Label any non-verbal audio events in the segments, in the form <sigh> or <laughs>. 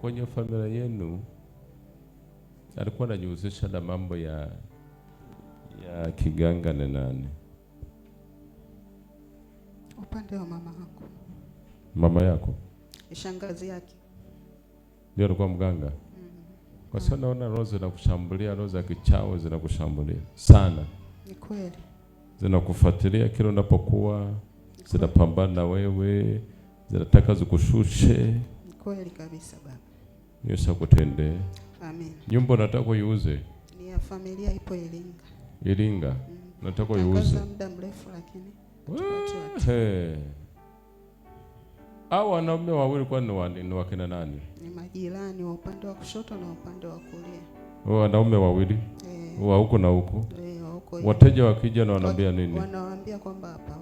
kwenye familia yenu alikuwa anajihusisha na mambo ya ya kiganga na nani? Upande wa mama yako. Mama yako? Shangazi yake ndio alikuwa mganga. Mm -hmm. Kwa sababu naona roho zinakushambulia, roho za kichawi zinakushambulia sana. Ni kweli. Zinakufuatilia kila unapokuwa, zinapambana na wewe, zinataka zikushushe. Ni kweli kabisa baba. Yesu akutende. Amen. Nyumba nataka uiuze. Ni ya familia ipo Iringa. Iringa. Mm. Nataka Kwa Muda mrefu lakini. Hey. wanaume wawili kwa ni wakina nani? Ni majirani wa upande wa kushoto na upande wa kulia. Wao wanaume wawili. Eh. Wa huko na huko. Eh, wa huko. Wateja wakija na wanaambia nini? Wanawaambia kwamba hapa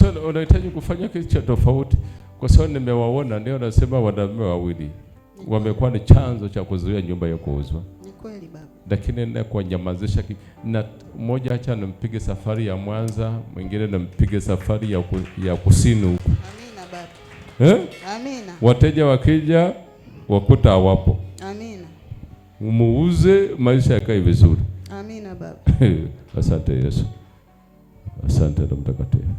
So unahitaji kufanya kitu cha tofauti, kwa sababu nimewaona, ndio nasema wanaume wawili wamekuwa ni chanzo cha kuzuia nyumba ya kuuzwa. Ni kweli baba, lakini nenda kuwanyamazisha na mmoja, acha nimpige safari ya Mwanza, mwingine nimpige safari ya, ku, ya kusini huko. Amina baba, eh? Amina. Wateja wakija wakuta hawapo. Amina. Muuze maisha yakae vizuri. Amina baba. <laughs> Asante Yesu. Asante Roho Mtakatifu.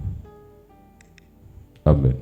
Amen